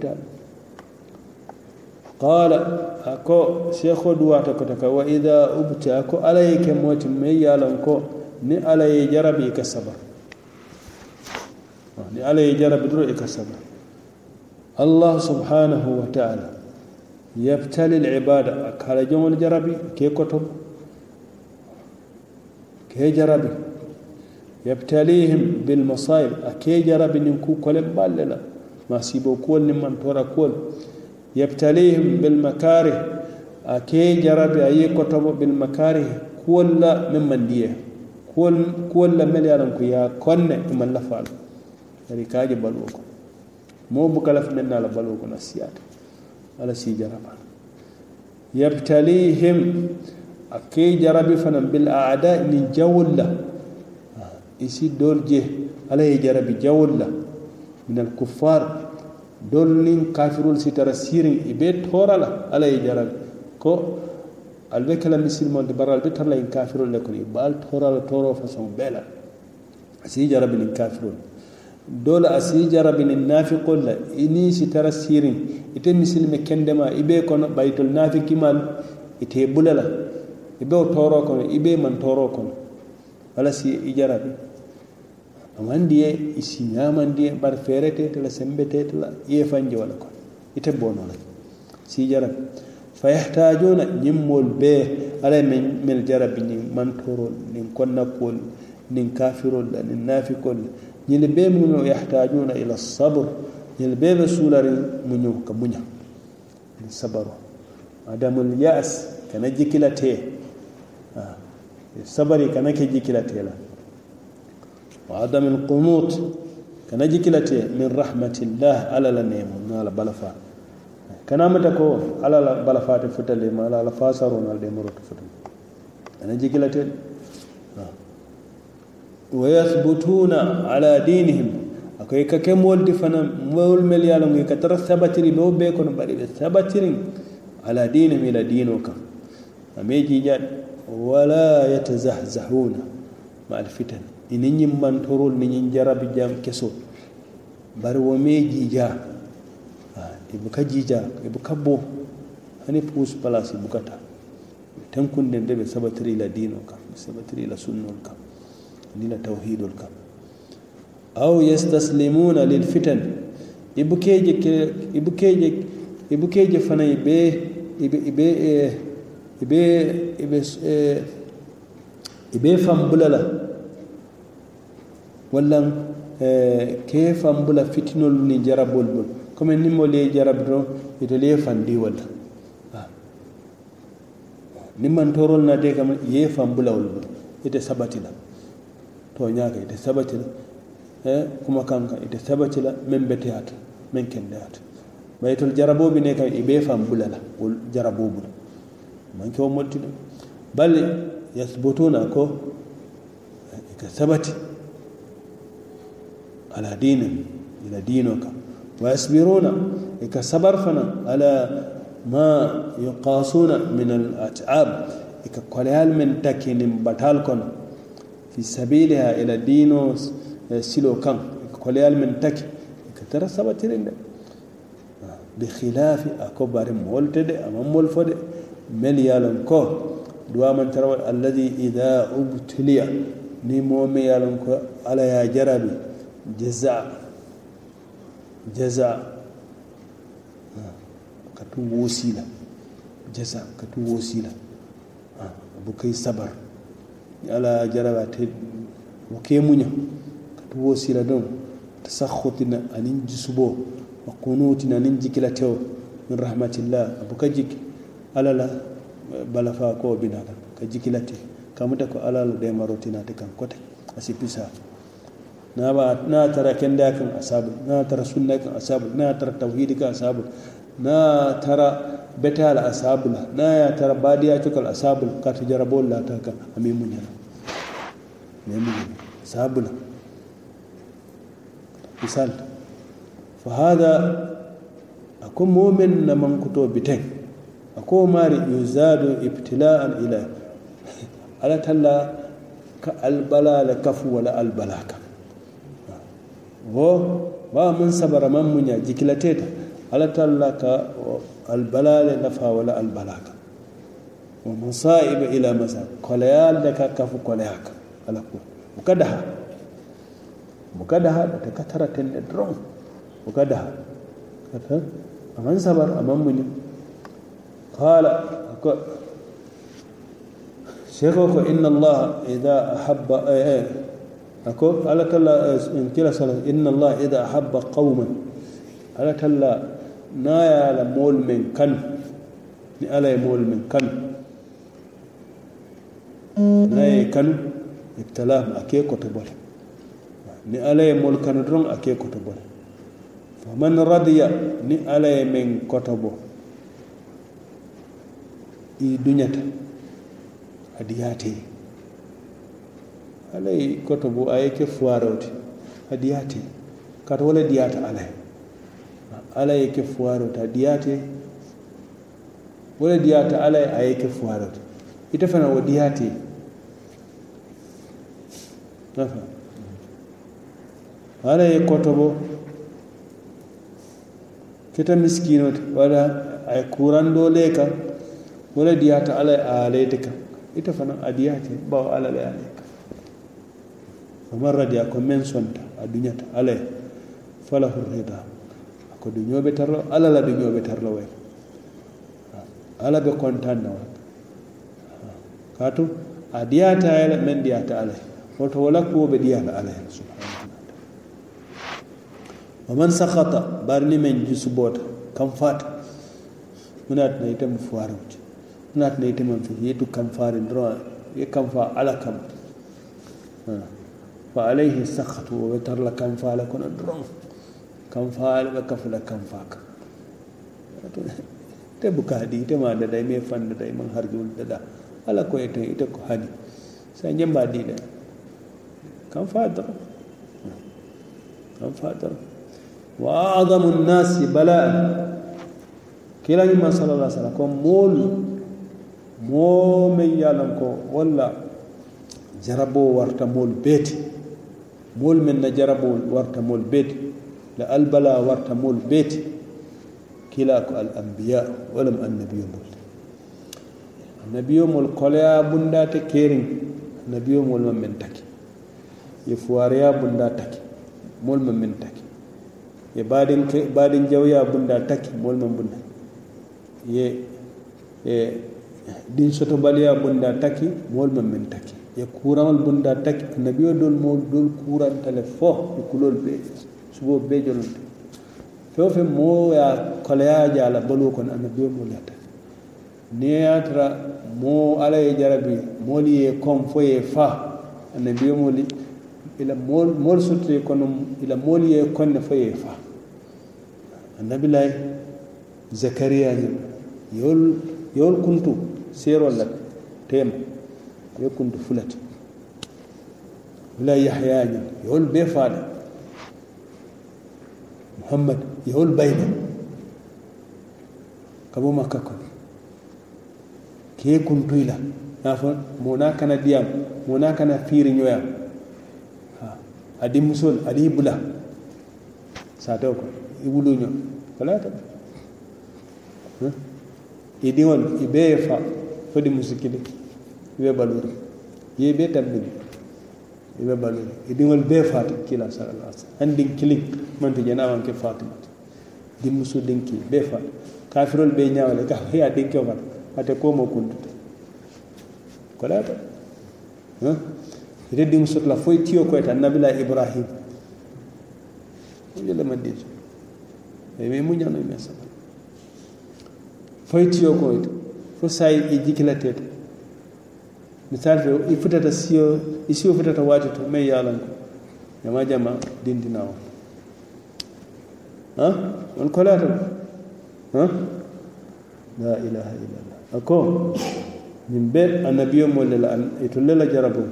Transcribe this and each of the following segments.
ita qala ako sheikho ta ko taka wa idha ubta ko ala ke moti me yalan ko ni alay jarabi ka sabar ni alay jarabi duro ka sabar allah subhanahu wa ta'ala yabtali al-ibada kala jomon jarabi ke to ke jarabi yabtalihim bil masa'ib ke jarabi nin ku kolen ballela masibo kuwol niŋ mantora kol yabtalihim bilmakarih a ke jarabi a ye kotomo bilmakarih kuwol la min maŋ diye kol kuwol la mel ye a ko ye konne i maŋ la fal ka je balu ko mo bu lafi meŋ na la balu ko nasiyat ala si jaraba yabtalihim ake ke jarabi fanaŋ bil aada niŋ jawol isi dolje ala ye jarabi jawol min alkuffar dol nin kafirol sitara sirin i be torala ala ye jarabi ko al be kela misilimante bari al be tarla in kafirol le kono i be al torala toro façon bee la asi jarabi nin kafirol dole a si jarabi nin nafiqol la i ni sitara sirin ite misilime kendema i be kono bayitol nafikimal ite bula la i be o toro kono i be man toro kono ala si i jarabi amandiye isi ñamandiye mbar feeretetela sembetetela yefanje waɗa ko ite e bonola si jarab fa yahtajona ñimmol be ala e men mel jarabi nin mantorol nin konnakkol nin kafirol la nin nafikol la ñil be muño yahtajuna ila sabr ñil be ɓe suulari muñu ka muña sabaro adamul yas kana jikilate sabari kana ke jikilate la وعدم القنوط كان جكلتي من رحمة الله على لنيم على بلفا كان متكو على بلفا تفتل ما على فاسر على دمر تفتل كان جكلتي ويثبتون على دينهم أكوي ككم ولد فنا مول مليالهم يكتر ثبتري بهو بيكون بري ثبتري على دينهم إلى دينك أميجي جاد ولا يتزحزحون مع الفتن ini ñimmantorol ni ñin jarabi jam kesol bari wo me jiija i e buka jiija i e buka bo hani pus place bukata tenkunde nde ɓe sabatirila dino kam ɓe sabatirila sunnol kam nila tawhidol kam aw yastaslimuna lilfitan ibukeje e ibukeje ibukeje fanay be ibe ibe ibe ibe ibe fambulala walla eh, ke bula fitinolu ni jarabol bol comme ni mol ye jarabi ito itolu ye fandi wala. ni mantorol nate kam ye fambulawol bol ite sabati la toñaka ite sabati la eh, kuma kanka ite sabati la men beteyata men kendeyata bayitol jaraboɓe ne kam ibe bula la wol jarabo Man manke o molti ɗum bal ko eh, ika sabati ala dinihim ila dinuka wa yasbiruna ika sabar fana ala ma yuqasuna min al at'ab ika kolayal men takinin batal kono fi sabiliha ila dino silo kan ika kolayal men taki ika tara sabatirinde bi khilafi ako bari molte de ama mol fode mel yalon ko duwaman tarawa alladi ida ubtiliya ni momi yalon ko ala ya jarabi jaza jaza ka tuwo sila jaza ka tuwo sila abu kai sabar ala jaraba ta wuke munya ka tuwo sila don ta sakhotina anin jisubo wa kunutina anin jikila tewo min rahmatillah abu ka jiki alala balafa ko binaka ka jikila te kamuta ko alala demarotina marotina te kan kote asipisa نابا نا ترى كندا كان أصابل نا ترى سنة كان أصابل نا ترى توحيد كان أصابل نا ترى بتال أصابل نا ترى باديا تكل أصابل كاتجربول لا تكا أمي منيا أمي أصابل مثال فهذا أكون مؤمن من كتب بتين أكون ماري يزاد ابتلاء إلى على تلا كالبلا لكفو ولا البلاك wo ba mun sabara man munya ta ala talla ka albalale nafa wala albalaka wa masaiba ila masa kolayal da ka kafu kolayaka ala ha mukadaha ha da ka tara da drum ka kata aman sabar aman munya qala ko shekho ko inna allah idha ahabba eh, eh, أكو على كلا آه، إن كلا إن الله إذا أحب قوما على كلا نايا مول من كن ألا مول من كن نايا كن ابتلاه أكيد كتبول ni ala ye moolu kanu doroŋ a ke koto bo le faman ni i alay koto bo aye ke foirewte a diyate kata wala diyata alay ala ye ke foirewte a diyate wala diyata alay aye ke foirewte ita fana wa diyate nafa ala ye koto bo keta miskinote wala aye kurando le kan wala diyata alay a alayte kan ita fana a diyate bawo ala le alay faman radiya ko men sonta a duñata ala ye a rida duniya bai tarla ala la bai tarla wai ala ɓe na wa katu a diyata yi men diyata ala ye wata wala kuwoɓe diyata ala ye subhanahu wa taala wa man sahata barni men bota kan fata munatana itema fowarewte munatana ita fe yetu kam faari ndoro ya kan fa ala kam fa alayhi sakhatu o ɓe tarla kanfaala kono doron kanfaala ɓe kafula kanfaaka te buka haɗi ite ma dada ime fan dada iman harjul dada ala ko ete ite ko haɗi sa jemba diɗa kanfaa doron kanfaa doron wa adamu nnasi bala'an kilañuma sala lah sallam ko moolu moo men ye lon ko walla jaraboo warta bol men na jarabol warta mol beti la albala warta mol beti kila ko al ambiya walam annabiyo mol annabiyo mol bunda te kerin annabiyo mol man men taki ye fuwareya bunda taki mol man men taki ye baɗin baɗin jawya bunda taki mol man bunda ye e ɗin sotobaliya bunda taki mol man men taki ye kuramal bonda takki nabiyo dol mo dol kurantale fo e kulol be subo be jolonte fewo fe mo ya kalaya jala balo kon anabiyo mo lata ne yatra mo ala ye jarabi mo li ye kom fo ye fa anabiyo mo li ila mol mol sutte kono ila mol ye konne fo ye fa annabilay zakariya yol yol kuntu serol la tema yo kundu fulata wulay yahyaño yowol be faada mouhammad yowol bayna kabo makka kono ke kuntuyla nafo mona kana diyam mona kana fiiri ñoyam adi musol adi bula sataw ko i wuluño falata idiol i beye fa fodi musikili ibe balori yeɓe tabbin ibe balori idiŋol e be fati kila sallallahu alaihi wasallam andin kilin manti jana wan ke fatima din musu dinki be fat kafirol be nyaawale ka hiya dinki o fat ate ko mo kuntu ko laata ite din musutla foy tiyo koy tan nabila ibrahim yele madijo e me mu nyaano me sama foy tiyo koy to fo say e jikilatete misali to i futata siyo i siyo futata waati to meŋ ye a lanko jama jama dindina wo han on kolata han la ilaha illallah a ko ñiŋ be annabiyo moolu le la itolu le la jarabo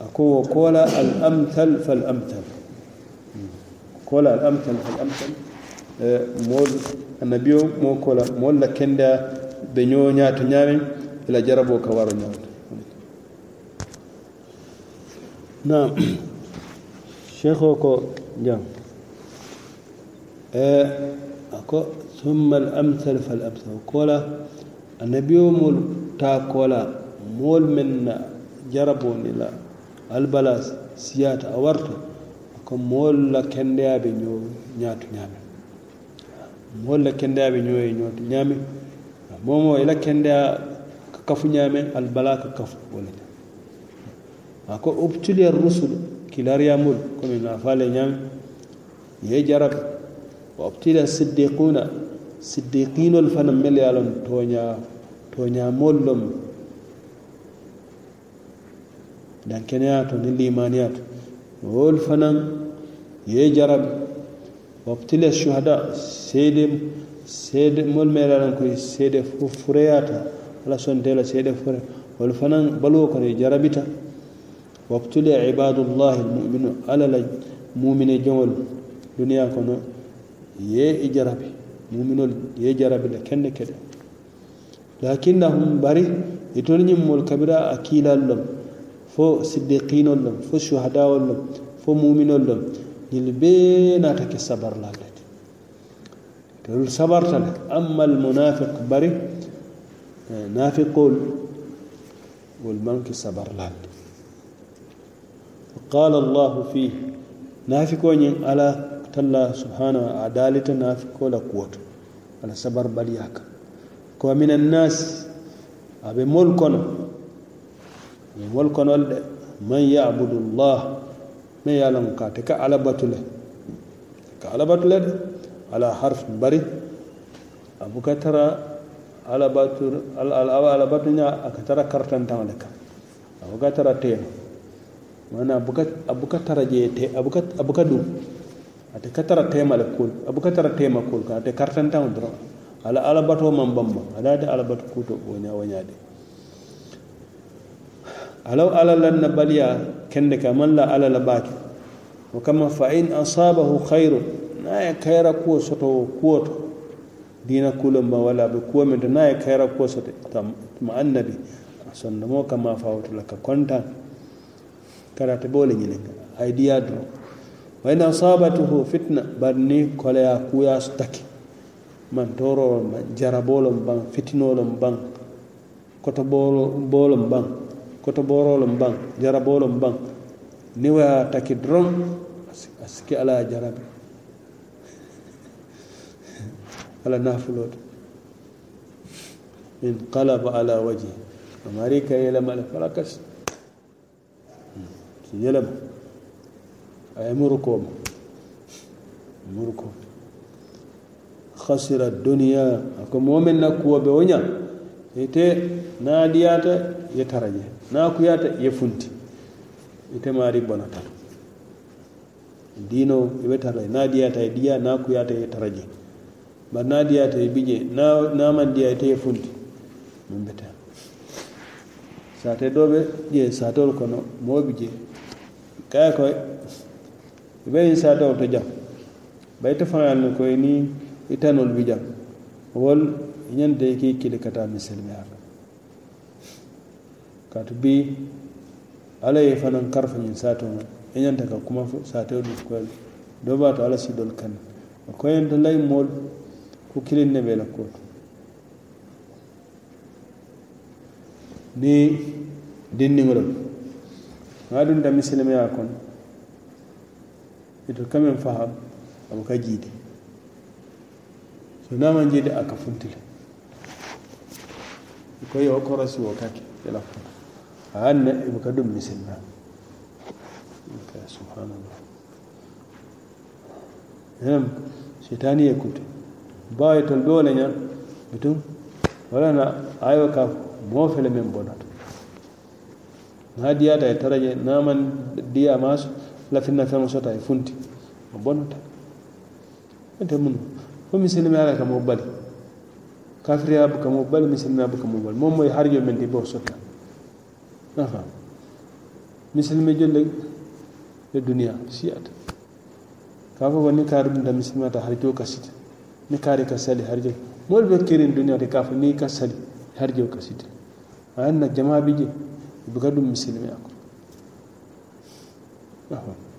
a ko wo koola al amtal fal amtal koola al amtal fal amtal moolu annabiyo moo kola moolu la kenda be ñoo ñaato ñaameŋ ila jaraboo ka waro ñaato na shekho ko jam e ako thumma al amthal fal amthal kola anabiyo mul ta kola mul minna jarabo nila al bala siyata awarto ko mul la kende abi nyo nyatu nyame mul la kende abi nyo nyatu nyame momo la kende kafu nyame al bala kafu wala ako ubtulia rusulu kilariyamul komi nafale ñam ye jarab wa ubtulia siddiquna siddiqinol fana mel yalon lon toña mollom dan kenya to ni limaniya to wol fanan ye jarabi wabtile shuhada sedem seede mol meeɗalan koye seede fureyata ala dela seede fure wol fanan balu ko e jarabita وابتلي عباد الله المؤمن على المؤمن جمل دنيا كنا يجربي مؤمن يي لكن كذا لكنهم بري يتولني مول كبيرة أكيل اللهم فو صديقين اللهم فو شهداء اللهم فو مؤمن اللهم يلبينا تك صبر لالت تقول صبر أما المنافق بري قول والمنك صبر لالت qala allahu fihi nafiko yin ala talla subhanahu a dalita nafiko la kuwoto ala sabar baliya kan ko min annasi aɓe mol kono ye mol konol de man yabudu llah min ka te ka ka ala ala harf bari abuka tara ala batu ala ala batu ña aka tara kartantaŋo le tara teema wani abuka taraje te abuka abuka dum ate katara temal kul abuka tara tema kul ka ta kartan tan dro ala ala man bamba ala da ala bato kuto wani wani de alau ala lan baliya kende ka man la ala la baki wa kama fa in asabahu khairu na ya kaira kuwa soto kuwa to dina kulun ba wala kuwa mai da na ya kaira ko soto tam annabi sonnamo kama fawtu laka kwanta karate boole ñinin ay diya wa in asabatuhu fitna bari ni koleya kuya taki man toro ban jarabolon ban fitinolom ban koto bolon ban koto borolom ban jarabolon ban ni waya taki ala jarabe ala nafulot. in qalaba ala waji amari ka yelamale fala a yi murko ma muruko khasira duniya ko momin na kuwa be wo ña ite na diyata ya taraje na kuyata ya funti ite maari bonatal dino ibe taraje na diyata ya diya na kuyata ya taraje ba na diyata ya bije na, na man diya ite ya funti min beta te dobe je satol kono moo bi kaya ko ibe satawo wata jam ita fara ne koye ni ita itanol bi jam wol da yake kili kata misilmiyaka katu bi ala ye fanan karfa yin sata wani e ñanta ka kuma sata satewo ɗi don ba ta ala sidol kan a koyenta lay mol ku kilin ne ɓe la ni ni dinniŋolol ŋa dunta ya kono ito kamen faham a buka jiidi so naman jiidi a ka funtile koye o korosi wo kake ila fota a hanne ibuka dum misilima ka subhanallah nam sitani ya kutu bawa tol be wo le ñam bitum wala na ayo ka moo fele men bonata na diyata e tara na naman diya lafin na feŋo sota ya funti o bonnata ete mun fo mai ala kamo bali kafiriya bukamo bali misilime bukamo bali har moye harjo men sota bo fa nafa mai jolle da duniya siyata ta kafa ko ni mai ta har harjo ka sita ni kari ka sali har moolu be kirin duniya da ka ni ka sali har harjo ka sita ayanna jama jama'a bije. بقدر مسلم ياكل أهو.